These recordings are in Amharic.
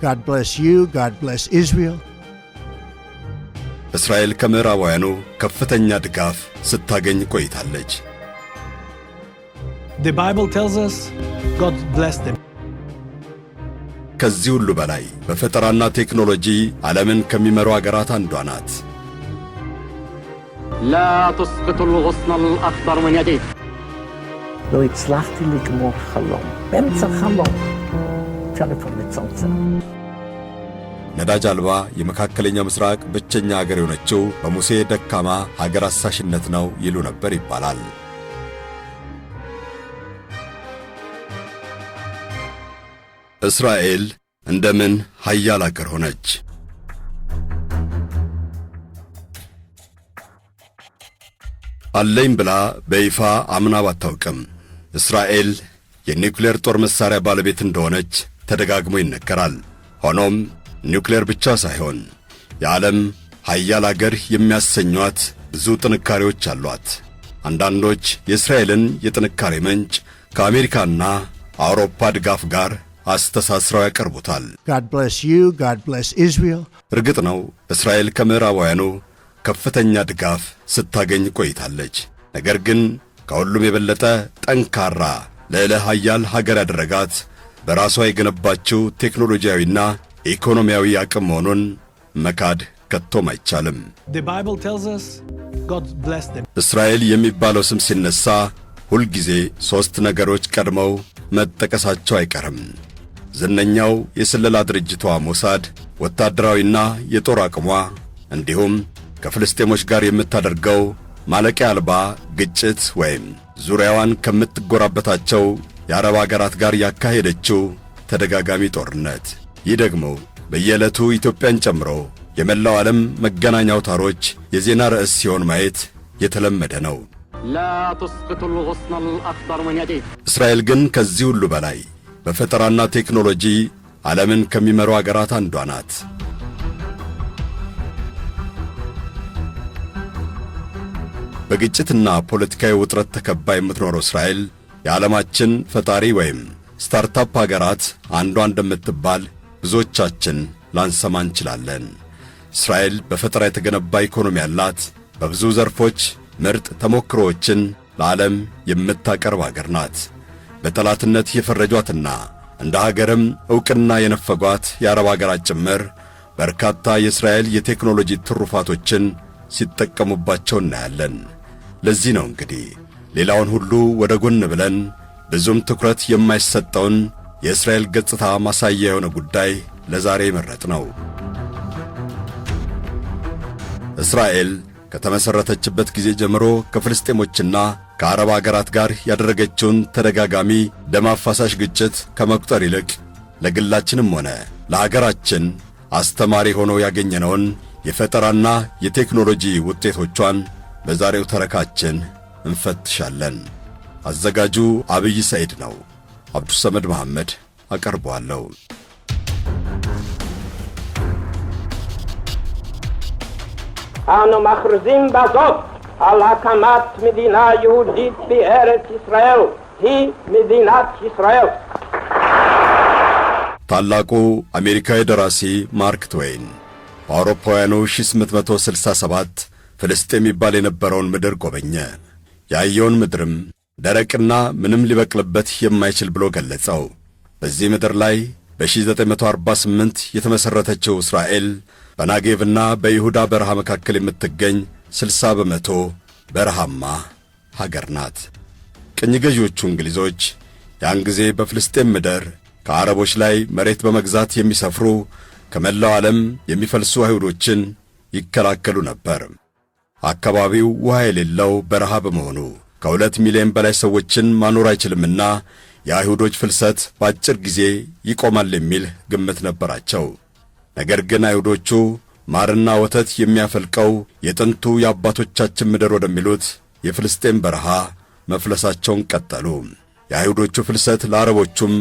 God bless you. God bless Israel. እስራኤል ከምዕራባውያኑ ከፍተኛ ድጋፍ ስታገኝ ቆይታለች። The Bible tells us God bless them. ከዚህ ሁሉ በላይ በፈጠራና ቴክኖሎጂ ዓለምን ከሚመሩ አገራት አንዷ ናት። ነዳጅ አልባ የመካከለኛው ምስራቅ ብቸኛ አገር የሆነችው በሙሴ ደካማ ሀገር አሳሽነት ነው ይሉ ነበር ይባላል። እስራኤል እንደምን ኃያል አገር ሆነች? አለኝ ብላ በይፋ አምና ባታውቅም እስራኤል የኒውክሌር ጦር መሳሪያ ባለቤት እንደሆነች ተደጋግሞ ይነገራል። ሆኖም ኒውክሌር ብቻ ሳይሆን የዓለም ኃያል አገር የሚያሰኟት ብዙ ጥንካሬዎች አሏት። አንዳንዶች የእስራኤልን የጥንካሬ ምንጭ ከአሜሪካና አውሮፓ ድጋፍ ጋር አስተሳስረው ያቀርቡታል። እርግጥ ነው እስራኤል ከምዕራባውያኑ ከፍተኛ ድጋፍ ስታገኝ ቆይታለች። ነገር ግን ከሁሉም የበለጠ ጠንካራ ልዕለ ኃያል ሀገር ያደረጋት በራሷ የገነባችው ቴክኖሎጂያዊና ኢኮኖሚያዊ አቅም መሆኑን መካድ ከቶም አይቻልም። እስራኤል የሚባለው ስም ሲነሳ ሁልጊዜ ሦስት ነገሮች ቀድመው መጠቀሳቸው አይቀርም። ዝነኛው የስለላ ድርጅቷ ሞሳድ ወታደራዊና የጦር አቅሟ እንዲሁም ከፍልስጤሞች ጋር የምታደርገው ማለቂያ አልባ ግጭት ወይም ዙሪያዋን ከምትጎራበታቸው የአረብ አገራት ጋር ያካሄደችው ተደጋጋሚ ጦርነት። ይህ ደግሞ በየዕለቱ ኢትዮጵያን ጨምሮ የመላው ዓለም መገናኛ አውታሮች የዜና ርዕስ ሲሆን ማየት የተለመደ ነው። እስራኤል ግን ከዚህ ሁሉ በላይ በፈጠራና ቴክኖሎጂ ዓለምን ከሚመሩ አገራት አንዷ ናት። በግጭትና ፖለቲካዊ ውጥረት ተከባ የምትኖረው እስራኤል የዓለማችን ፈጣሪ ወይም ስታርታፕ አገራት አንዷ እንደምትባል ብዙዎቻችን ላንሰማ እንችላለን። እስራኤል በፈጠራ የተገነባ ኢኮኖሚ ያላት፣ በብዙ ዘርፎች ምርጥ ተሞክሮዎችን ለዓለም የምታቀርብ አገር ናት። በጠላትነት የፈረጇትና እንደ ሀገርም ዕውቅና የነፈጓት የአረብ አገራት ጭምር በርካታ የእስራኤል የቴክኖሎጂ ትሩፋቶችን ሲጠቀሙባቸው እናያለን። ለዚህ ነው እንግዲህ ሌላውን ሁሉ ወደ ጎን ብለን ብዙም ትኩረት የማይሰጠውን የእስራኤል ገጽታ ማሳያ የሆነ ጉዳይ ለዛሬ መረጥ ነው። እስራኤል ከተመሠረተችበት ጊዜ ጀምሮ ከፍልስጤሞችና ከአረብ አገራት ጋር ያደረገችውን ተደጋጋሚ ደም አፋሳሽ ግጭት ከመቁጠር ይልቅ ለግላችንም ሆነ ለአገራችን አስተማሪ ሆኖ ያገኘነውን የፈጠራና የቴክኖሎጂ ውጤቶቿን በዛሬው ተረካችን እንፈትሻለን። አዘጋጁ አብይ ሰዒድ ነው። አብዱሰመድ መሐመድ አቀርበዋለሁ። አኖ ማክሩዚም ባሶት al-Hakamat Medina Yehudit Be'eretz Israel ይህ መዲናት ይስራኤል። ታላቁ አሜሪካዊ ደራሲ ማርክ ትዌይን በአውሮፓውያኑ 1867 ፍልስጤም የሚባል የነበረውን ምድር ጎበኘ። ያየውን ምድርም ደረቅና ምንም ሊበቅልበት የማይችል ብሎ ገለጸው። በዚህ ምድር ላይ በ1948 የተመሠረተችው እስራኤል በናጌቭና በይሁዳ በረሃ መካከል የምትገኝ 60 በመቶ በረሃማ ሀገር ናት። ቅኝ ገዢዎቹ እንግሊዞች ያን ጊዜ በፍልስጤም ምድር ከአረቦች ላይ መሬት በመግዛት የሚሰፍሩ ከመላው ዓለም የሚፈልሱ አይሁዶችን ይከላከሉ ነበር። አካባቢው ውሃ የሌለው በረሃ በመሆኑ ከሁለት ሚሊዮን በላይ ሰዎችን ማኖር አይችልምና የአይሁዶች ፍልሰት በአጭር ጊዜ ይቆማል የሚል ግምት ነበራቸው። ነገር ግን አይሁዶቹ ማርና ወተት የሚያፈልቀው የጥንቱ የአባቶቻችን ምድር ወደሚሉት የፍልስጤም በረሃ መፍለሳቸውን ቀጠሉ። የአይሁዶቹ ፍልሰት ለአረቦቹም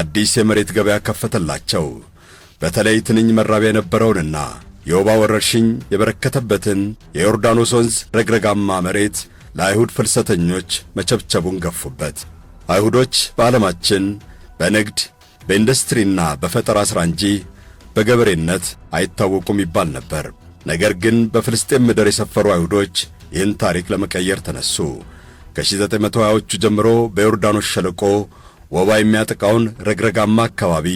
አዲስ የመሬት ገበያ ከፈተላቸው። በተለይ ትንኝ መራቢያ የነበረውንና የወባ ወረርሽኝ የበረከተበትን የዮርዳኖስ ወንዝ ረግረጋማ መሬት ለአይሁድ ፍልሰተኞች መቸብቸቡን ገፉበት። አይሁዶች በዓለማችን በንግድ በኢንዱስትሪና በፈጠራ ሥራ እንጂ በገበሬነት አይታወቁም ይባል ነበር። ነገር ግን በፍልስጤም ምድር የሰፈሩ አይሁዶች ይህን ታሪክ ለመቀየር ተነሱ። ከ1920ዎቹ ጀምሮ በዮርዳኖስ ሸለቆ ወባ የሚያጠቃውን ረግረጋማ አካባቢ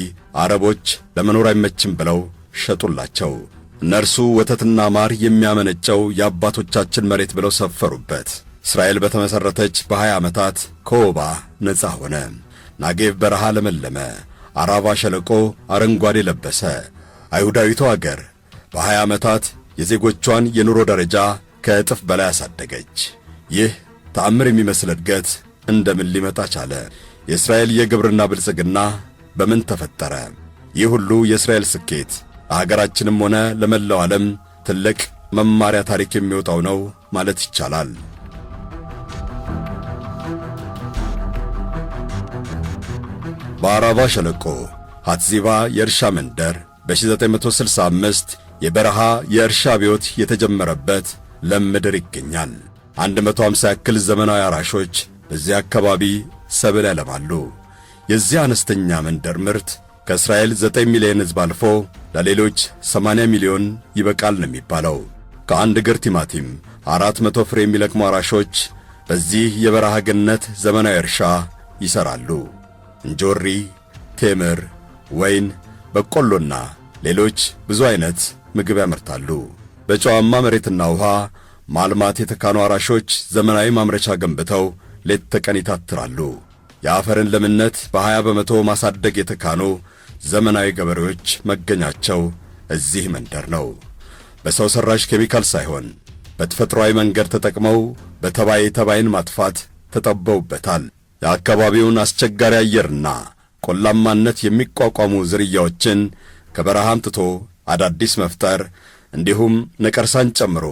አረቦች ለመኖር አይመችም ብለው ሸጡላቸው። እነርሱ ወተትና ማር የሚያመነጨው የአባቶቻችን መሬት ብለው ሰፈሩበት። እስራኤል በተመሠረተች በ20 ዓመታት ከወባ ነፃ ሆነ። ናጌቭ በረሃ ለመለመ። አራባ ሸለቆ አረንጓዴ ለበሰ። አይሁዳዊቷ አገር በ20 ዓመታት የዜጎቿን የኑሮ ደረጃ ከእጥፍ በላይ አሳደገች። ይህ ተአምር የሚመስል እድገት እንደምን ሊመጣ ቻለ? የእስራኤል የግብርና ብልጽግና በምን ተፈጠረ? ይህ ሁሉ የእስራኤል ስኬት ለሀገራችንም ሆነ ለመላው ዓለም ትልቅ መማሪያ ታሪክ የሚወጣው ነው ማለት ይቻላል። በአራባ ሸለቆ ሐትዚባ የእርሻ መንደር በ1965 የበረሃ የእርሻ አብዮት የተጀመረበት ለም ምድር ይገኛል። 150 ያክል ዘመናዊ አራሾች በዚህ አካባቢ ሰብል ያለማሉ። የዚህ አነስተኛ መንደር ምርት ከእስራኤል 9 ሚሊዮን ሕዝብ አልፎ ለሌሎች 80 ሚሊዮን ይበቃል ነው የሚባለው። ከአንድ እግር ቲማቲም 400 ፍሬ የሚለቅሙ አራሾች በዚህ የበረሃ ገነት ዘመናዊ እርሻ ይሰራሉ። እንጆሪ፣ ቴምር፣ ወይን፣ በቆሎና ሌሎች ብዙ አይነት ምግብ ያመርታሉ። በጨዋማ መሬትና ውሃ ማልማት የተካኑ አራሾች ዘመናዊ ማምረቻ ገንብተው ሌት ተቀን ይታትራሉ። የአፈርን ለምነት በ20 በመቶ ማሳደግ የተካኑ ዘመናዊ ገበሬዎች መገኛቸው እዚህ መንደር ነው። በሰው ሰራሽ ኬሚካል ሳይሆን በተፈጥሯዊ መንገድ ተጠቅመው በተባይ ተባይን ማጥፋት ተጠበውበታል። የአካባቢውን አስቸጋሪ አየርና ቆላማነት የሚቋቋሙ ዝርያዎችን ከበረሃም ትቶ አዳዲስ መፍጠር እንዲሁም ነቀርሳን ጨምሮ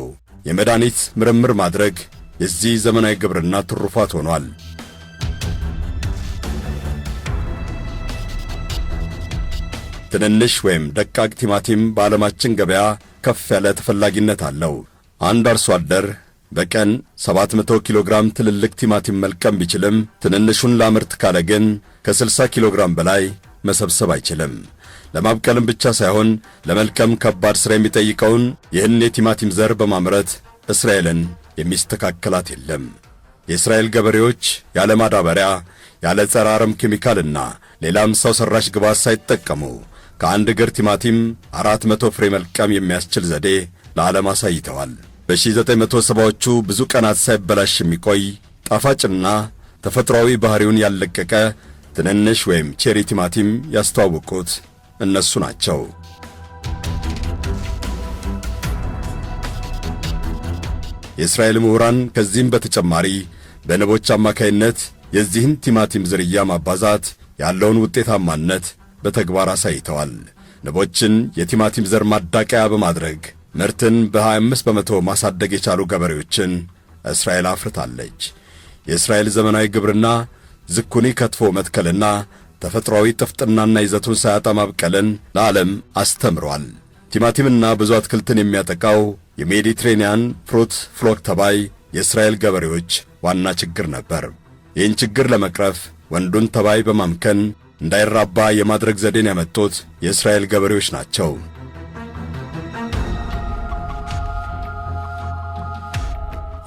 የመድኃኒት ምርምር ማድረግ የዚህ ዘመናዊ ግብርና ትሩፋት ሆኗል። ትንንሽ ወይም ደቃቅ ቲማቲም በዓለማችን ገበያ ከፍ ያለ ተፈላጊነት አለው። አንድ አርሶ አደር በቀን 700 ኪሎ ግራም ትልልቅ ቲማቲም መልቀም ቢችልም ትንንሹን ላምርት ካለ ግን ከ60 ኪሎ ግራም በላይ መሰብሰብ አይችልም። ለማብቀልም ብቻ ሳይሆን ለመልቀም ከባድ ሥራ የሚጠይቀውን ይህን የቲማቲም ዘር በማምረት እስራኤልን የሚስተካከላት የለም። የእስራኤል ገበሬዎች ያለ ማዳበሪያ፣ ያለ ጸረ አረም ኬሚካልና ሌላም ሰው ሠራሽ ግብዓት ሳይጠቀሙ ከአንድ እግር ቲማቲም 400 ፍሬ መልቀም የሚያስችል ዘዴ ለዓለም አሳይተዋል። በ1970ዎቹ ብዙ ቀናት ሳይበላሽ የሚቆይ ጣፋጭና ተፈጥሯዊ ባህሪውን ያልለቀቀ ትንንሽ ወይም ቼሪ ቲማቲም ያስተዋወቁት እነሱ ናቸው። የእስራኤል ምሁራን ከዚህም በተጨማሪ በንቦች አማካይነት የዚህን ቲማቲም ዝርያ ማባዛት ያለውን ውጤታማነት በተግባር አሳይተዋል። ንቦችን የቲማቲም ዘር ማዳቀያ በማድረግ ምርትን በ25 በመቶ ማሳደግ የቻሉ ገበሬዎችን እስራኤል አፍርታለች። የእስራኤል ዘመናዊ ግብርና ዝኩኒ ከትፎ መትከልና ተፈጥሯዊ ጥፍጥናና ይዘቱን ሳያጣ ማብቀልን ለዓለም አስተምሯል። ቲማቲምና ብዙ አትክልትን የሚያጠቃው የሜዲትሬንያን ፍሩት ፍሎክ ተባይ የእስራኤል ገበሬዎች ዋና ችግር ነበር። ይህን ችግር ለመቅረፍ ወንዱን ተባይ በማምከን እንዳይራባ የማድረግ ዘዴን ያመጡት የእስራኤል ገበሬዎች ናቸው።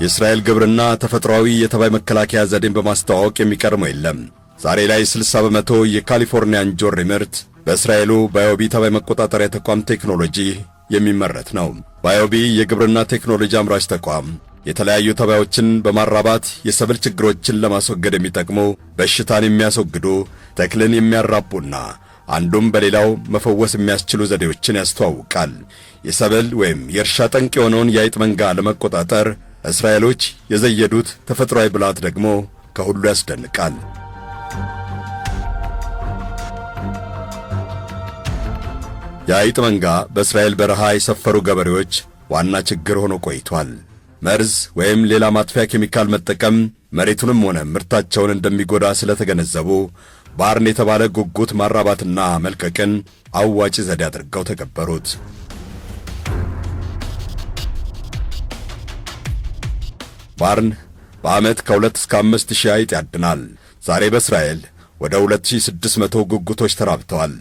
የእስራኤል ግብርና ተፈጥሯዊ የተባይ መከላከያ ዘዴን በማስተዋወቅ የሚቀርመው የለም። ዛሬ ላይ 60 በመቶ የካሊፎርኒያን ጆሪ ምርት በእስራኤሉ ባዮቢ ተባይ መቆጣጠሪያ ተቋም ቴክኖሎጂ የሚመረት ነው። ባዮቢ የግብርና ቴክኖሎጂ አምራች ተቋም የተለያዩ ተባዮችን በማራባት የሰብል ችግሮችን ለማስወገድ የሚጠቅሙ በሽታን የሚያስወግዱ ተክልን የሚያራቡና አንዱም በሌላው መፈወስ የሚያስችሉ ዘዴዎችን ያስተዋውቃል። የሰብል ወይም የእርሻ ጠንቅ የሆነውን የአይጥ መንጋ ለመቆጣጠር እስራኤሎች የዘየዱት ተፈጥሯዊ ብልሃት ደግሞ ከሁሉ ያስደንቃል። የአይጥ መንጋ በእስራኤል በረሃ የሰፈሩ ገበሬዎች ዋና ችግር ሆኖ ቆይቷል። መርዝ ወይም ሌላ ማጥፊያ ኬሚካል መጠቀም መሬቱንም ሆነ ምርታቸውን እንደሚጎዳ ስለተገነዘቡ ባርን የተባለ ጉጉት ማራባትና መልቀቅን አዋጪ ዘዴ አድርገው ተገበሩት። ባርን በዓመት ከ2 እስከ 5 ሺህ አይጥ ያድናል። ዛሬ በእስራኤል ወደ 2600 ጉጉቶች ተራብተዋል።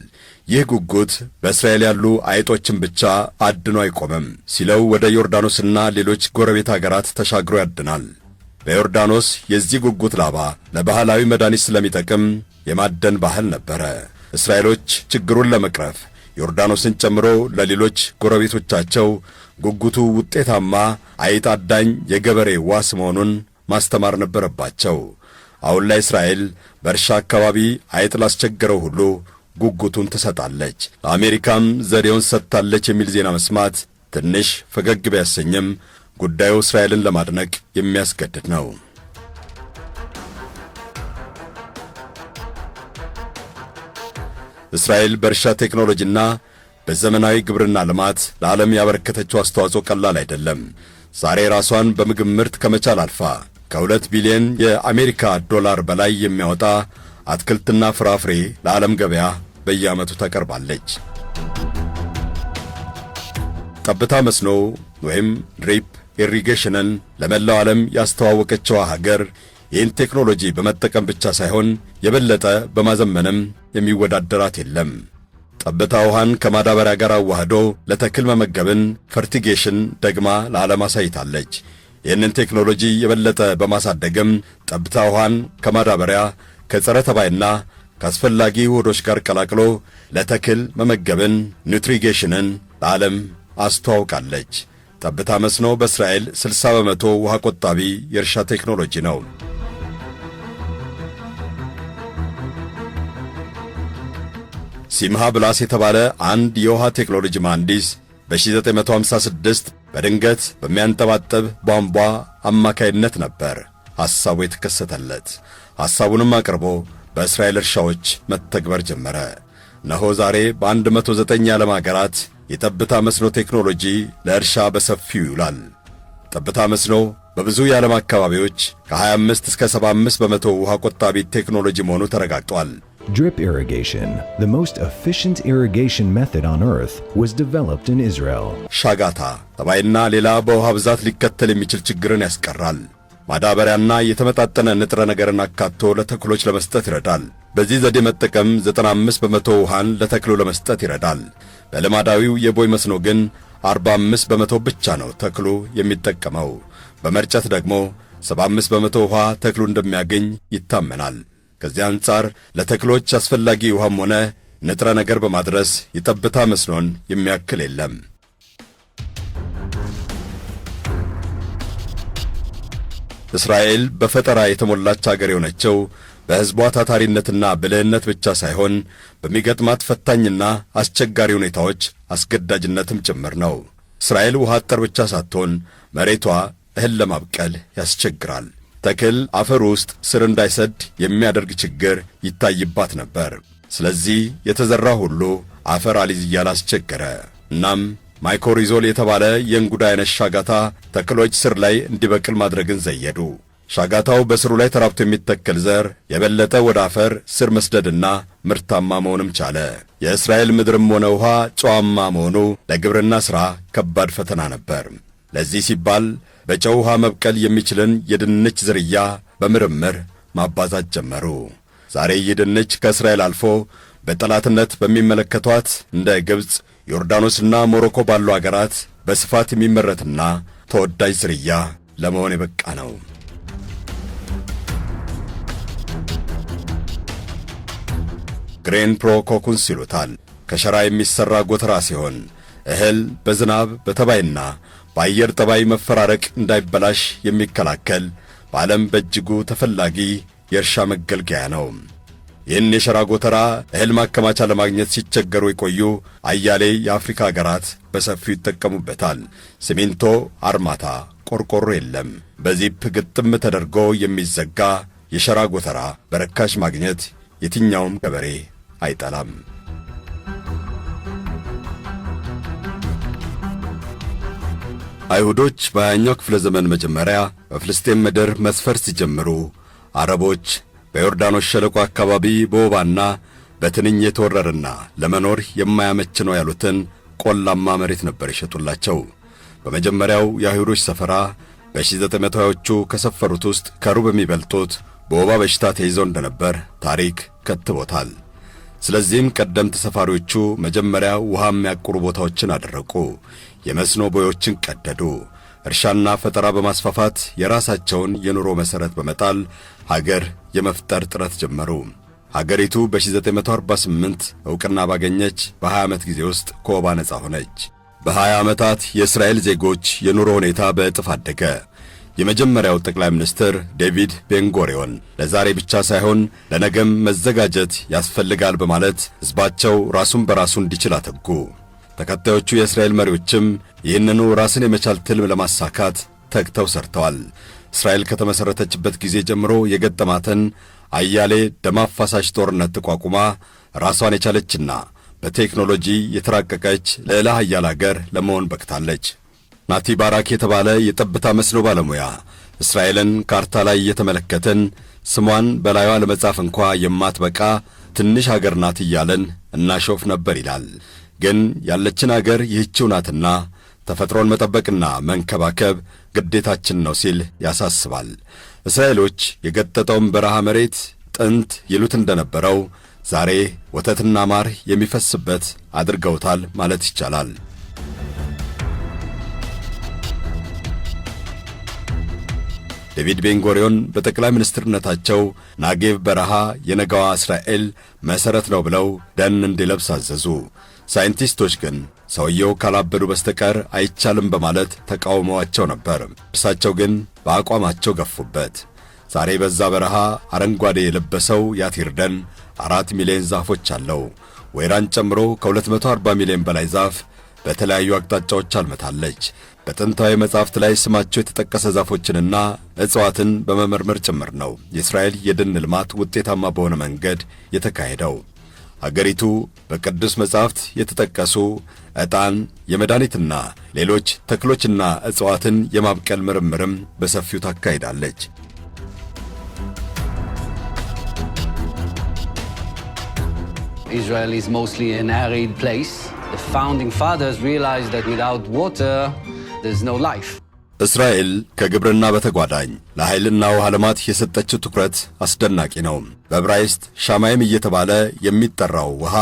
ይህ ጉጉት በእስራኤል ያሉ አይጦችን ብቻ አድኖ አይቆምም ሲለው ወደ ዮርዳኖስና ሌሎች ጎረቤት አገራት ተሻግሮ ያድናል። በዮርዳኖስ የዚህ ጉጉት ላባ ለባህላዊ መድኃኒት ስለሚጠቅም የማደን ባህል ነበረ። እስራኤሎች ችግሩን ለመቅረፍ ዮርዳኖስን ጨምሮ ለሌሎች ጎረቤቶቻቸው ጉጉቱ ውጤታማ አይጣዳኝ አዳኝ የገበሬ ዋስ መሆኑን ማስተማር ነበረባቸው። አሁን ላይ እስራኤል በእርሻ አካባቢ አይጥ ላስቸገረው ሁሉ ጉጉቱን ትሰጣለች፣ ለአሜሪካም ዘዴውን ሰጥታለች የሚል ዜና መስማት ትንሽ ፈገግ ቢያሰኝም ጉዳዩ እስራኤልን ለማድነቅ የሚያስገድድ ነው። እስራኤል በእርሻ ቴክኖሎጂና በዘመናዊ ግብርና ልማት ለዓለም ያበረከተችው አስተዋጽኦ ቀላል አይደለም። ዛሬ ራሷን በምግብ ምርት ከመቻል አልፋ ከሁለት ቢሊዮን የአሜሪካ ዶላር በላይ የሚያወጣ አትክልትና ፍራፍሬ ለዓለም ገበያ በየዓመቱ ተቀርባለች። ጠብታ መስኖ ወይም ድሪፕ ኢሪጌሽንን ለመላው ዓለም ያስተዋወቀችዋ ሀገር ይህን ቴክኖሎጂ በመጠቀም ብቻ ሳይሆን የበለጠ በማዘመንም የሚወዳደራት የለም። ጠብታ ውሃን ከማዳበሪያ ጋር አዋህዶ ለተክል መመገብን ፈርቲጌሽን ደግማ ለዓለም አሳይታለች። ይህንን ቴክኖሎጂ የበለጠ በማሳደግም ጠብታ ውሃን ከማዳበሪያ ከጸረ ተባይና ከአስፈላጊ ውህዶች ጋር ቀላቅሎ ለተክል መመገብን ኒውትሪጌሽንን ለዓለም አስተዋውቃለች። ጠብታ መስኖ በእስራኤል 60 በመቶ ውሃ ቆጣቢ የእርሻ ቴክኖሎጂ ነው። ሲምሃ ብላስ የተባለ አንድ የውሃ ቴክኖሎጂ መሐንዲስ በ1956 በድንገት በሚያንጠባጠብ ቧንቧ አማካይነት ነበር ሐሳቡ የተከሰተለት። ሐሳቡንም አቅርቦ በእስራኤል እርሻዎች መተግበር ጀመረ። ነሆ ዛሬ በ109 የዓለም አገራት የጠብታ መስኖ ቴክኖሎጂ ለእርሻ በሰፊው ይውላል። ጠብታ መስኖ በብዙ የዓለም አካባቢዎች ከ25 እስከ 75 በመቶ ውሃ ቆጣቢ ቴክኖሎጂ መሆኑ ተረጋግጧል። Drip irrigation, the most efficient irrigation method on earth, was developed in Israel. ሻጋታ ተባይና ሌላ በውሃ ብዛት ሊከተል የሚችል ችግርን ያስቀራል። ማዳበሪያና የተመጣጠነ ንጥረ ነገርን አካቶ ለተክሎች ለመስጠት ይረዳል። በዚህ ዘዴ መጠቀም 95 በመቶ ውሃን ለተክሉ ለመስጠት ይረዳል። በልማዳዊው የቦይ መስኖ ግን 45 በመቶ ብቻ ነው ተክሉ የሚጠቀመው። በመርጨት ደግሞ 75 በመቶ ውሃ ተክሉ እንደሚያገኝ ይታመናል። ከዚያ አንጻር ለተክሎች አስፈላጊ ውሃም ሆነ ንጥረ ነገር በማድረስ የጠብታ መስኖን የሚያክል የለም። እስራኤል በፈጠራ የተሞላች አገር የሆነችው በሕዝቧ ታታሪነትና ብልህነት ብቻ ሳይሆን በሚገጥማት ፈታኝና አስቸጋሪ ሁኔታዎች አስገዳጅነትም ጭምር ነው። እስራኤል ውሃ አጠር ብቻ ሳትሆን መሬቷ እህል ለማብቀል ያስቸግራል። ተክል አፈር ውስጥ ስር እንዳይሰድ የሚያደርግ ችግር ይታይባት ነበር። ስለዚህ የተዘራ ሁሉ አፈር አሊዝ እያለ አስቸገረ። እናም ማይኮሪዞል የተባለ የእንጉዳይ አይነት ሻጋታ ተክሎች ስር ላይ እንዲበቅል ማድረግን ዘየዱ። ሻጋታው በስሩ ላይ ተራብቶ የሚተከል ዘር የበለጠ ወደ አፈር ስር መስደድና ምርታማ መሆንም ቻለ። የእስራኤል ምድርም ሆነ ውሃ ጨዋማ መሆኑ ለግብርና ሥራ ከባድ ፈተና ነበር። ለዚህ ሲባል በጨው ውሃ መብቀል የሚችልን የድንች ዝርያ በምርምር ማባዛት ጀመሩ። ዛሬ ይህ ድንች ከእስራኤል አልፎ በጠላትነት በሚመለከቷት እንደ ግብፅ፣ ዮርዳኖስና ሞሮኮ ባሉ አገራት በስፋት የሚመረትና ተወዳጅ ዝርያ ለመሆን የበቃ ነው። ግሬን ፕሮ ኮኩንስ ይሉታል። ከሸራ የሚሠራ ጎተራ ሲሆን እህል በዝናብ በተባይና በአየር ጠባይ መፈራረቅ እንዳይበላሽ የሚከላከል በዓለም በእጅጉ ተፈላጊ የእርሻ መገልገያ ነው። ይህን የሸራ ጎተራ እህል ማከማቻ ለማግኘት ሲቸገሩ የቆዩ አያሌ የአፍሪካ አገራት በሰፊው ይጠቀሙበታል። ሲሚንቶ፣ አርማታ፣ ቆርቆሮ የለም። በዚፕ ግጥም ተደርጎ የሚዘጋ የሸራ ጎተራ በርካሽ ማግኘት የትኛውም ገበሬ አይጠላም። አይሁዶች በሃያኛው ክፍለ ዘመን መጀመሪያ በፍልስጤም ምድር መስፈር ሲጀምሩ አረቦች በዮርዳኖስ ሸለቆ አካባቢ በወባና በትንኝ የተወረረና ለመኖር የማያመች ነው ያሉትን ቆላማ መሬት ነበር የሸጡላቸው። በመጀመሪያው የአይሁዶች ሰፈራ በ1920ዎቹ ከሰፈሩት ውስጥ ከሩብ የሚበልጡት በወባ በሽታ ተይዘው እንደነበር ታሪክ ከትቦታል። ስለዚህም ቀደምት ሰፋሪዎቹ መጀመሪያ ውሃ የሚያቁሩ ቦታዎችን አደረቁ። የመስኖ ቦዮችን ቀደዱ። እርሻና ፈጠራ በማስፋፋት የራሳቸውን የኑሮ መሠረት በመጣል ሀገር የመፍጠር ጥረት ጀመሩ። ሀገሪቱ በ1948 ዕውቅና ባገኘች በ20 ዓመት ጊዜ ውስጥ ከወባ ነፃ ሆነች። በ20 ዓመታት የእስራኤል ዜጎች የኑሮ ሁኔታ በእጥፍ አደገ። የመጀመሪያው ጠቅላይ ሚኒስትር ዴቪድ ቤንጎሪዮን ለዛሬ ብቻ ሳይሆን ለነገም መዘጋጀት ያስፈልጋል በማለት ሕዝባቸው ራሱን በራሱ እንዲችል አተጉ። ተከታዮቹ የእስራኤል መሪዎችም ይህንኑ ራስን የመቻል ትልም ለማሳካት ተግተው ሰርተዋል። እስራኤል ከተመሠረተችበት ጊዜ ጀምሮ የገጠማትን አያሌ ደም አፋሳሽ ጦርነት ተቋቁማ ራሷን የቻለችና በቴክኖሎጂ የተራቀቀች ልዕለ ኃያል አገር ለመሆን በቅታለች። ናቲ ባራክ የተባለ የጠብታ መስኖ ባለሙያ እስራኤልን ካርታ ላይ እየተመለከትን ስሟን በላዩዋ ለመጻፍ እንኳ የማትበቃ ትንሽ አገር ናት እያለን እናሾፍ ነበር ይላል። ግን ያለችን አገር ይህችው ናትና ተፈጥሮን መጠበቅና መንከባከብ ግዴታችን ነው ሲል ያሳስባል። እስራኤሎች የገጠጠውን በረሃ መሬት ጥንት ይሉት እንደነበረው ዛሬ ወተትና ማር የሚፈስበት አድርገውታል ማለት ይቻላል። ዴቪድ ቤንጎሪዮን በጠቅላይ ሚኒስትርነታቸው ናጌቭ በረሃ የነገዋ እስራኤል መሠረት ነው ብለው ደን እንዲለብስ አዘዙ። ሳይንቲስቶች ግን ሰውየው ካላበዱ በስተቀር አይቻልም በማለት ተቃውመዋቸው ነበር። እርሳቸው ግን በአቋማቸው ገፉበት። ዛሬ በዛ በረሃ አረንጓዴ የለበሰው ያቲር ደን አራት ሚሊዮን ዛፎች አለው። ወይራን ጨምሮ ከ240 ሚሊዮን በላይ ዛፍ በተለያዩ አቅጣጫዎች አልመታለች። በጥንታዊ መጻሕፍት ላይ ስማቸው የተጠቀሰ ዛፎችንና እጽዋትን በመመርመር ጭምር ነው የእስራኤል የደን ልማት ውጤታማ በሆነ መንገድ የተካሄደው። አገሪቱ በቅዱስ መጻሕፍት የተጠቀሱ ዕጣን፣ የመድኃኒትና ሌሎች ተክሎችና እጽዋትን የማብቀል ምርምርም በሰፊው ታካሂዳለች። Israel is mostly an arid place. The founding fathers realized that without water እስራኤል ከግብርና በተጓዳኝ ለኃይልና ውሃ ልማት የሰጠችው ትኩረት አስደናቂ ነው። በዕብራይስጥ ሻማይም እየተባለ የሚጠራው ውሃ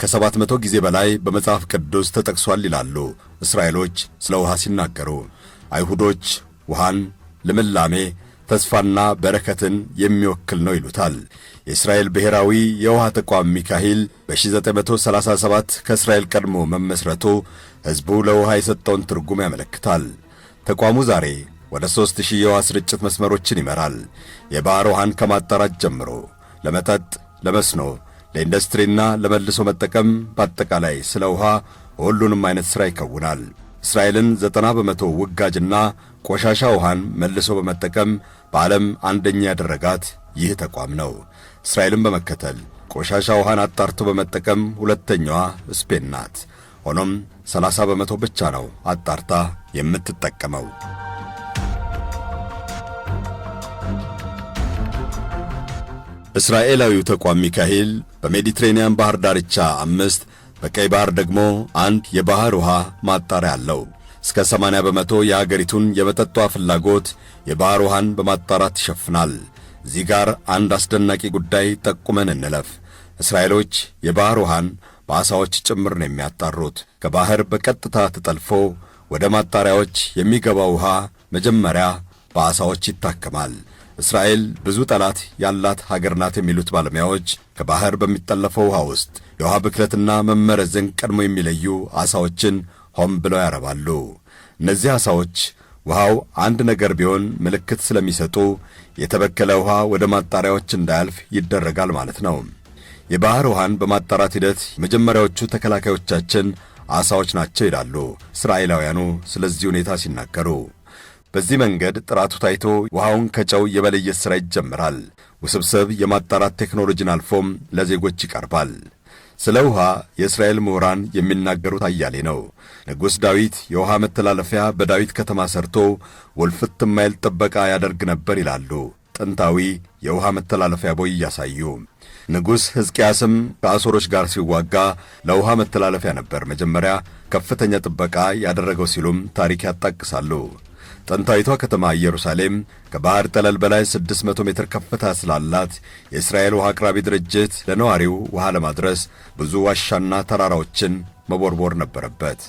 ከሰባት መቶ ጊዜ በላይ በመጽሐፍ ቅዱስ ተጠቅሷል ይላሉ እስራኤሎች ስለ ውሃ ሲናገሩ። አይሁዶች ውሃን ልምላሜ፣ ተስፋና በረከትን የሚወክል ነው ይሉታል። የእስራኤል ብሔራዊ የውሃ ተቋም ሚካኤል በ1937 ከእስራኤል ቀድሞ መመስረቱ ሕዝቡ ለውሃ የሰጠውን ትርጉም ያመለክታል። ተቋሙ ዛሬ ወደ ሦስት ሺህ የውሃ ስርጭት መስመሮችን ይመራል። የባሕር ውሃን ከማጣራት ጀምሮ ለመጠጥ፣ ለመስኖ፣ ለኢንዱስትሪና ለመልሶ መጠቀም በአጠቃላይ ስለ ውሃ ሁሉንም አይነት ሥራ ይከውናል። እስራኤልን ዘጠና በመቶ ውጋጅና ቆሻሻ ውሃን መልሶ በመጠቀም በዓለም አንደኛ ያደረጋት ይህ ተቋም ነው። እስራኤልን በመከተል ቆሻሻ ውሃን አጣርቶ በመጠቀም ሁለተኛዋ ስፔን ናት። ሆኖም 30 በመቶ ብቻ ነው አጣርታ የምትጠቀመው። እስራኤላዊው ተቋም ሚካኤል በሜዲትሬንያን ባህር ዳርቻ አምስት፣ በቀይ ባህር ደግሞ አንድ የባህር ውሃ ማጣሪያ አለው። እስከ 80 በመቶ የሀገሪቱን የመጠጧ ፍላጎት የባህር ውሃን በማጣራት ይሸፍናል። እዚህ ጋር አንድ አስደናቂ ጉዳይ ጠቁመን እንለፍ። እስራኤሎች የባህር ውሃን በዓሣዎች ጭምር ነው የሚያጣሩት። ከባሕር በቀጥታ ተጠልፎ ወደ ማጣሪያዎች የሚገባው ውሃ መጀመሪያ በዓሣዎች ይታከማል። እስራኤል ብዙ ጠላት ያላት ሀገር ናት የሚሉት ባለሙያዎች ከባሕር በሚጠለፈው ውሃ ውስጥ የውሃ ብክለትና መመረዝን ቀድሞ የሚለዩ ዓሣዎችን ሆም ብለው ያረባሉ። እነዚህ ዓሣዎች ውሃው አንድ ነገር ቢሆን ምልክት ስለሚሰጡ የተበከለ ውሃ ወደ ማጣሪያዎች እንዳያልፍ ይደረጋል ማለት ነው። የባህር ውሃን በማጣራት ሂደት የመጀመሪያዎቹ ተከላካዮቻችን አሳዎች ናቸው ይላሉ እስራኤላውያኑ ስለዚህ ሁኔታ ሲናገሩ። በዚህ መንገድ ጥራቱ ታይቶ ውሃውን ከጨው የመለየት ሥራ ይጀምራል። ውስብስብ የማጣራት ቴክኖሎጂን አልፎም ለዜጎች ይቀርባል። ስለ ውሃ የእስራኤል ምሁራን የሚናገሩት አያሌ ነው። ንጉሥ ዳዊት የውሃ መተላለፊያ በዳዊት ከተማ ሰርቶ ወልፍት ማይል ጥበቃ ያደርግ ነበር ይላሉ ጥንታዊ የውሃ መተላለፊያ ቦይ እያሳዩ ንጉሥ ሕዝቅያስም ከአሦሮች ጋር ሲዋጋ ለውሃ መተላለፊያ ነበር መጀመሪያ ከፍተኛ ጥበቃ ያደረገው ሲሉም ታሪክ ያጣቅሳሉ። ጥንታዊቷ ከተማ ኢየሩሳሌም ከባህር ጠለል በላይ 600 ሜትር ከፍታ ስላላት የእስራኤል ውሃ አቅራቢ ድርጅት ለነዋሪው ውሃ ለማድረስ ብዙ ዋሻና ተራራዎችን መቦርቦር ነበረበት።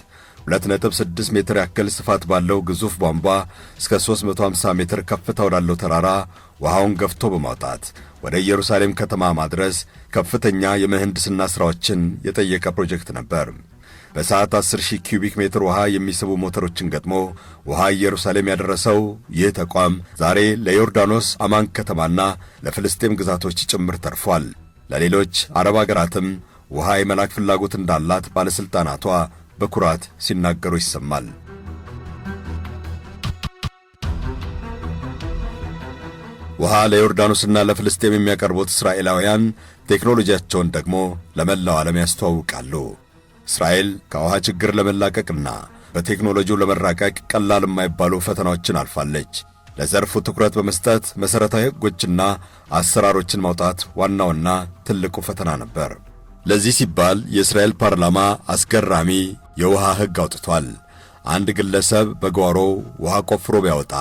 2.6 ሜትር ያክል ስፋት ባለው ግዙፍ ቧንቧ እስከ 350 ሜትር ከፍታ ወዳለው ተራራ ውሃውን ገፍቶ በማውጣት ወደ ኢየሩሳሌም ከተማ ማድረስ ከፍተኛ የምህንድስና ሥራዎችን የጠየቀ ፕሮጀክት ነበር። በሰዓት 10 ሺህ ኪዩቢክ ሜትር ውሃ የሚስቡ ሞተሮችን ገጥሞ ውሃ ኢየሩሳሌም ያደረሰው ይህ ተቋም ዛሬ ለዮርዳኖስ አማን ከተማና ለፍልስጤም ግዛቶች ጭምር ተርፏል። ለሌሎች አረብ አገራትም ውሃ የመላክ ፍላጎት እንዳላት ባለሥልጣናቷ በኩራት ሲናገሩ ይሰማል። ውሃ ለዮርዳኖስና ለፍልስጤም የሚያቀርቡት እስራኤላውያን ቴክኖሎጂያቸውን ደግሞ ለመላው ዓለም ያስተዋውቃሉ። እስራኤል ከውሃ ችግር ለመላቀቅና በቴክኖሎጂው ለመራቀቅ ቀላል የማይባሉ ፈተናዎችን አልፋለች። ለዘርፉ ትኩረት በመስጠት መሠረታዊ ሕጎችና አሰራሮችን ማውጣት ዋናውና ትልቁ ፈተና ነበር። ለዚህ ሲባል የእስራኤል ፓርላማ አስገራሚ የውሃ ሕግ አውጥቷል። አንድ ግለሰብ በጓሮ ውሃ ቆፍሮ ቢያወጣ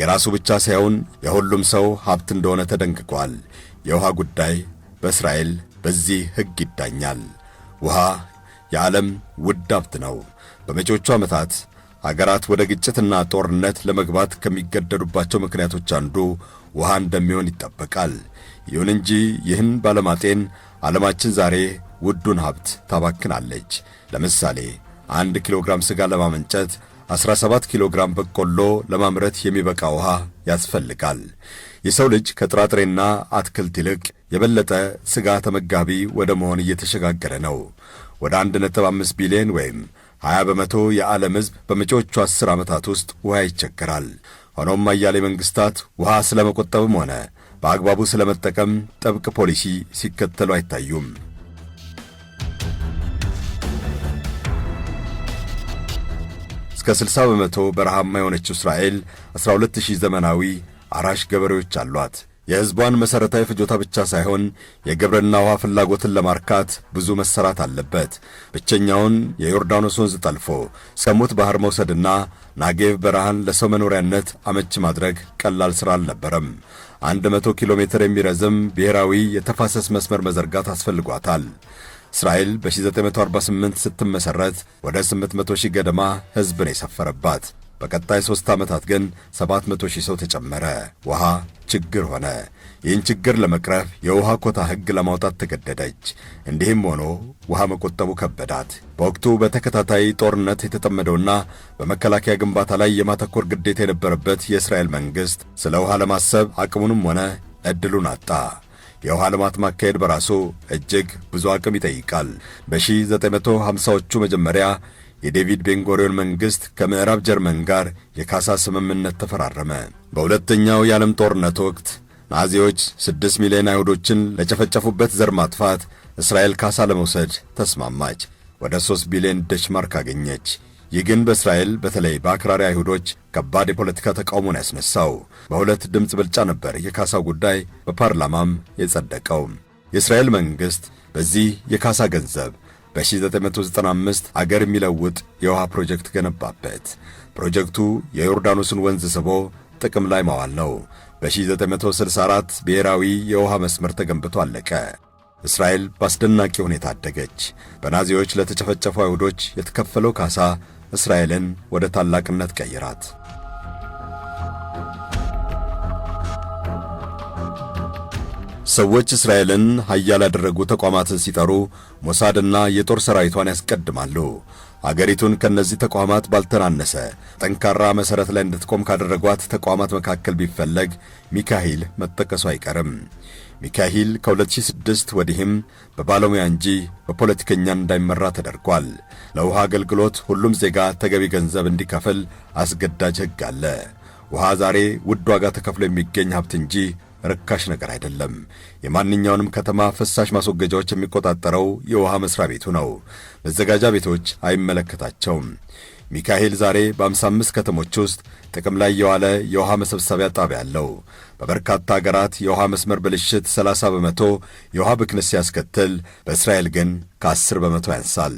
የራሱ ብቻ ሳይሆን የሁሉም ሰው ሀብት እንደሆነ ተደንግጓል። የውሃ ጉዳይ በእስራኤል በዚህ ሕግ ይዳኛል። ውሃ የዓለም ውድ ሀብት ነው። በመጪዎቹ ዓመታት አገራት ወደ ግጭትና ጦርነት ለመግባት ከሚገደዱባቸው ምክንያቶች አንዱ ውሃ እንደሚሆን ይጠበቃል። ይሁን እንጂ ይህን ባለማጤን ዓለማችን ዛሬ ውዱን ሀብት ታባክናለች። ለምሳሌ አንድ ኪሎ ግራም ስጋ ለማመንጨት 17 ኪሎ ግራም በቆሎ ለማምረት የሚበቃ ውሃ ያስፈልጋል። የሰው ልጅ ከጥራጥሬና አትክልት ይልቅ የበለጠ ስጋ ተመጋቢ ወደ መሆን እየተሸጋገረ ነው። ወደ 1.5 ቢሊዮን ወይም 20 በመቶ የዓለም ሕዝብ በመጪዎቹ 10 ዓመታት ውስጥ ውሃ ይቸገራል። ሆኖም አያሌ መንግሥታት ውሃ ስለመቆጠብም ሆነ በአግባቡ ስለመጠቀም ጥብቅ ፖሊሲ ሲከተሉ አይታዩም። እስከ 60 በመቶ በረሃማ የሆነችው እስራኤል 12000 ዘመናዊ አራሽ ገበሬዎች አሏት። የሕዝቧን መሠረታዊ ፍጆታ ብቻ ሳይሆን የግብርና ውሃ ፍላጎትን ለማርካት ብዙ መሠራት አለበት። ብቸኛውን የዮርዳኖስ ወንዝ ጠልፎ ሰሙት ባህር ባሕር መውሰድና ናጌቭ በረሃን ለሰው መኖሪያነት አመች ማድረግ ቀላል ሥራ አልነበረም። አንድ መቶ ኪሎ ሜትር የሚረዝም ብሔራዊ የተፋሰስ መስመር መዘርጋት አስፈልጓታል። እስራኤል በ1948 ስትመሠረት ወደ 800 ሺህ ገደማ ሕዝብን የሰፈረባት በቀጣይ ሦስት ዓመታት ግን 700 ሺህ ሰው ተጨመረ። ውሃ ችግር ሆነ። ይህን ችግር ለመቅረፍ የውሃ ኮታ ሕግ ለማውጣት ተገደደች። እንዲህም ሆኖ ውሃ መቆጠቡ ከበዳት። በወቅቱ በተከታታይ ጦርነት የተጠመደውና በመከላከያ ግንባታ ላይ የማተኮር ግዴታ የነበረበት የእስራኤል መንግሥት ስለ ውሃ ለማሰብ አቅሙንም ሆነ ዕድሉን አጣ። የውሃ ልማት ማካሄድ በራሱ እጅግ ብዙ አቅም ይጠይቃል። በ1950ዎቹ መጀመሪያ የዴቪድ ቤንጎሪዮን መንግሥት ከምዕራብ ጀርመን ጋር የካሳ ስምምነት ተፈራረመ። በሁለተኛው የዓለም ጦርነት ወቅት ናዚዎች ስድስት ሚሊዮን አይሁዶችን ለጨፈጨፉበት ዘር ማጥፋት እስራኤል ካሳ ለመውሰድ ተስማማች። ወደ ሦስት ቢሊዮን ደሽማርክ አገኘች። ይህ ግን በእስራኤል በተለይ በአክራሪ አይሁዶች ከባድ የፖለቲካ ተቃውሞን ያስነሳው። በሁለት ድምፅ ብልጫ ነበር የካሳው ጉዳይ በፓርላማም የጸደቀው። የእስራኤል መንግሥት በዚህ የካሳ ገንዘብ በ1995 አገር የሚለውጥ የውሃ ፕሮጀክት ገነባበት። ፕሮጀክቱ የዮርዳኖስን ወንዝ ስቦ ጥቅም ላይ ማዋል ነው። በ1964 ብሔራዊ የውሃ መስመር ተገንብቶ አለቀ። እስራኤል በአስደናቂ ሁኔታ አደገች። በናዚዎች ለተጨፈጨፉ አይሁዶች የተከፈለው ካሳ እስራኤልን ወደ ታላቅነት ቀይራት። ሰዎች እስራኤልን ኃያል ያደረጉ ተቋማትን ሲጠሩ ሞሳድና የጦር ሰራዊቷን ያስቀድማሉ። አገሪቱን ከነዚህ ተቋማት ባልተናነሰ ጠንካራ መሠረት ላይ እንድትቆም ካደረጓት ተቋማት መካከል ቢፈለግ ሚካኤል መጠቀሱ አይቀርም። ሚካኤል ከ2006 ወዲህም በባለሙያ እንጂ በፖለቲከኛ እንዳይመራ ተደርጓል። ለውሃ አገልግሎት ሁሉም ዜጋ ተገቢ ገንዘብ እንዲከፍል አስገዳጅ ሕግ አለ። ውሃ ዛሬ ውድ ዋጋ ተከፍሎ የሚገኝ ሀብት እንጂ ርካሽ ነገር አይደለም። የማንኛውንም ከተማ ፍሳሽ ማስወገጃዎች የሚቆጣጠረው የውሃ መስሪያ ቤቱ ነው። መዘጋጃ ቤቶች አይመለከታቸውም። ሚካኤል ዛሬ በ55 ከተሞች ውስጥ ጥቅም ላይ የዋለ የውሃ መሰብሰቢያ ጣቢያ አለው። በበርካታ ሀገራት የውሃ መስመር ብልሽት 30 በመቶ የውሃ ብክነት ሲያስከትል በእስራኤል ግን ከ10 በመቶ ያንሳል።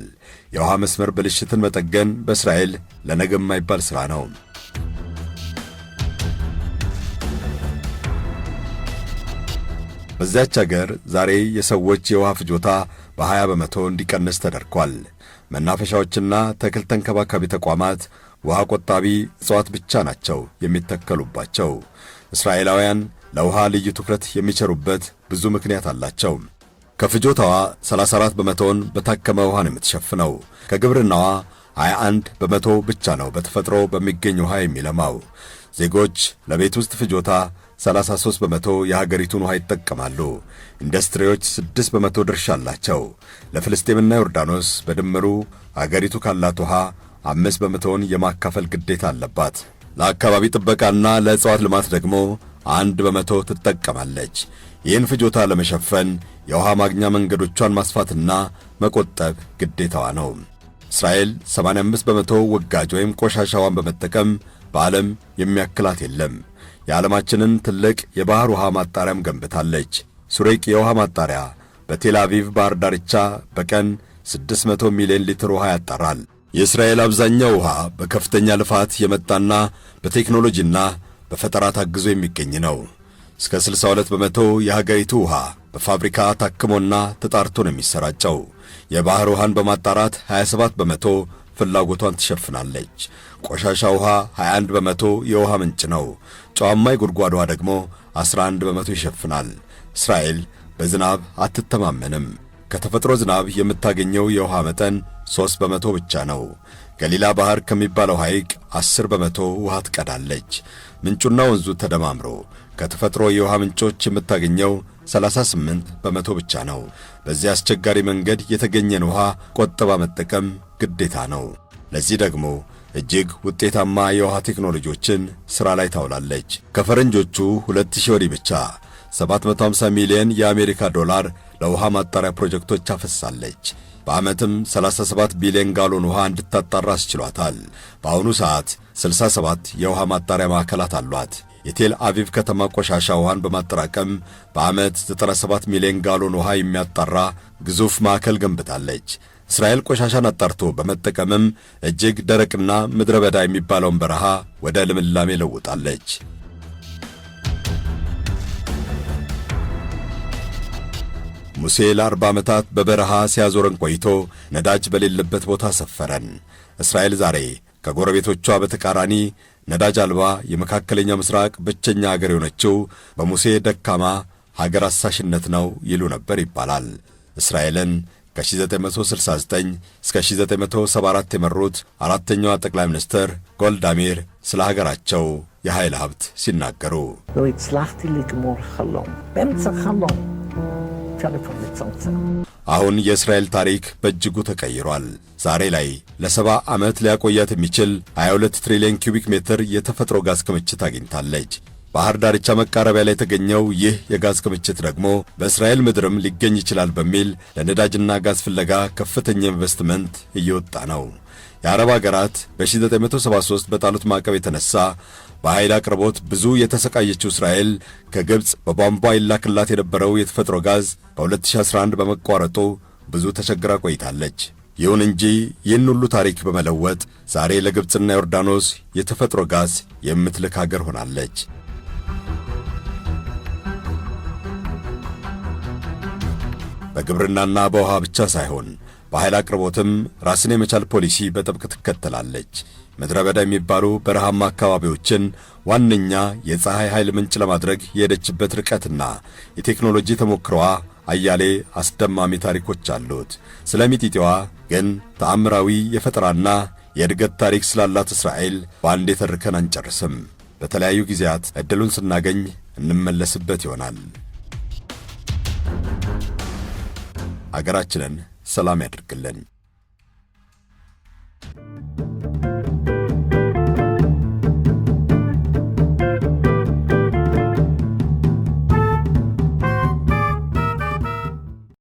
የውሃ መስመር ብልሽትን መጠገን በእስራኤል ለነገ የማይባል ሥራ ነው። በዚያች አገር ዛሬ የሰዎች የውሃ ፍጆታ በ20 በመቶ እንዲቀንስ ተደርጓል። መናፈሻዎችና ተክል ተንከባካቢ ተቋማት ውሃ ቆጣቢ እጽዋት ብቻ ናቸው የሚተከሉባቸው። እስራኤላውያን ለውሃ ልዩ ትኩረት የሚቸሩበት ብዙ ምክንያት አላቸው። ከፍጆታዋ 34 በመቶውን በታከመ ውሃ ነው የምትሸፍነው። ከግብርናዋ 21 በመቶ ብቻ ነው በተፈጥሮ በሚገኝ ውሃ የሚለማው። ዜጎች ለቤት ውስጥ ፍጆታ 33 በመቶ የሀገሪቱን ውሃ ይጠቀማሉ። ኢንዱስትሪዎች 6 በመቶ ድርሻ አላቸው። ለፍልስጤምና ዮርዳኖስ በድምሩ አገሪቱ ካላት ውሃ አምስት በመቶውን የማካፈል ግዴታ አለባት። ለአካባቢ ጥበቃና ለእጽዋት ልማት ደግሞ አንድ በመቶ ትጠቀማለች። ይህን ፍጆታ ለመሸፈን የውሃ ማግኛ መንገዶቿን ማስፋትና መቆጠብ ግዴታዋ ነው። እስራኤል 85 በመቶ ወጋጅ ወይም ቆሻሻዋን በመጠቀም በዓለም የሚያክላት የለም። የዓለማችንን ትልቅ የባሕር ውሃ ማጣሪያም ገንብታለች። ሱሬቅ የውሃ ማጣሪያ በቴል አቪቭ ባህር ዳርቻ በቀን 600 ሚሊዮን ሊትር ውሃ ያጣራል። የእስራኤል አብዛኛው ውሃ በከፍተኛ ልፋት የመጣና በቴክኖሎጂና በፈጠራ ታግዞ የሚገኝ ነው። እስከ 62 በመቶ የሀገሪቱ ውሃ በፋብሪካ ታክሞና ተጣርቶ ነው የሚሰራጨው። የባሕር ውሃን በማጣራት 27 በመቶ ፍላጎቷን ትሸፍናለች። ቆሻሻ ውሃ 21 በመቶ የውሃ ምንጭ ነው። ጨዋማ የጉድጓድ ውሃ ደግሞ 11 በመቶ ይሸፍናል። እስራኤል በዝናብ አትተማመንም። ከተፈጥሮ ዝናብ የምታገኘው የውሃ መጠን ሦስት በመቶ ብቻ ነው። ገሊላ ባሕር ከሚባለው ሐይቅ ዐሥር በመቶ ውሃ ትቀዳለች። ምንጩና ወንዙ ተደማምሮ ከተፈጥሮ የውሃ ምንጮች የምታገኘው 38 በመቶ ብቻ ነው። በዚህ አስቸጋሪ መንገድ የተገኘን ውሃ ቆጥባ መጠቀም ግዴታ ነው። ለዚህ ደግሞ እጅግ ውጤታማ የውሃ ቴክኖሎጂዎችን ሥራ ላይ ታውላለች። ከፈረንጆቹ 2000 ወዲህ ብቻ 750 ሚሊዮን የአሜሪካ ዶላር ለውሃ ማጣሪያ ፕሮጀክቶች አፈሳለች። በዓመትም 37 ቢሊዮን ጋሎን ውሃ እንድታጣራ አስችሏታል። በአሁኑ ሰዓት 67 የውሃ ማጣሪያ ማዕከላት አሏት። የቴል አቪቭ ከተማ ቆሻሻ ውሃን በማጠራቀም በዓመት 97 ሚሊዮን ጋሎን ውሃ የሚያጣራ ግዙፍ ማዕከል ገንብታለች። እስራኤል ቆሻሻን አጣርቶ በመጠቀምም እጅግ ደረቅና ምድረ በዳ የሚባለውን በረሃ ወደ ልምላሜ ለውጣለች። ሙሴ ለአርባ ዓመታት በበረሃ ሲያዞረን ቆይቶ ነዳጅ በሌለበት ቦታ ሰፈረን። እስራኤል ዛሬ ከጎረቤቶቿ በተቃራኒ ነዳጅ አልባ የመካከለኛ ምስራቅ ብቸኛ አገር የሆነችው በሙሴ ደካማ ሀገር አሳሽነት ነው ይሉ ነበር ይባላል። እስራኤልን ከ1969 እስከ 1974 የመሩት አራተኛዋ ጠቅላይ ሚኒስትር ጎልዳሜር ስለ ሀገራቸው የኃይል ሀብት ሲናገሩ አሁን የእስራኤል ታሪክ በእጅጉ ተቀይሯል። ዛሬ ላይ ለሰባ ዓመት ሊያቆያት የሚችል 22 ትሪሊዮን ኪዩቢክ ሜትር የተፈጥሮ ጋዝ ክምችት አግኝታለች። ባህር ዳርቻ መቃረቢያ ላይ የተገኘው ይህ የጋዝ ክምችት ደግሞ በእስራኤል ምድርም ሊገኝ ይችላል በሚል ለነዳጅና ጋዝ ፍለጋ ከፍተኛ ኢንቨስትመንት እየወጣ ነው። የአረብ ሀገራት በ1973 በጣሉት ማዕቀብ የተነሳ በኃይል አቅርቦት ብዙ የተሰቃየችው እስራኤል ከግብፅ በቧንቧ ይላክላት የነበረው የተፈጥሮ ጋዝ በ2011 በመቋረጡ ብዙ ተቸግራ ቆይታለች። ይሁን እንጂ ይህን ሁሉ ታሪክ በመለወጥ ዛሬ ለግብፅና ዮርዳኖስ የተፈጥሮ ጋዝ የምትልክ ሀገር ሆናለች። በግብርናና በውሃ ብቻ ሳይሆን በኃይል አቅርቦትም ራስን የመቻል ፖሊሲ በጥብቅ ትከተላለች። ምድረ በዳ የሚባሉ በረሃማ አካባቢዎችን ዋነኛ የፀሐይ ኃይል ምንጭ ለማድረግ የሄደችበት ርቀትና የቴክኖሎጂ ተሞክሮዋ አያሌ አስደማሚ ታሪኮች አሉት። ስለ ሚጢጢዋ ግን ተአምራዊ የፈጠራና የእድገት ታሪክ ስላላት እስራኤል በአንድ የተርከን አንጨርስም። በተለያዩ ጊዜያት ዕድሉን ስናገኝ እንመለስበት ይሆናል። አገራችንን ሰላም ያድርግልን።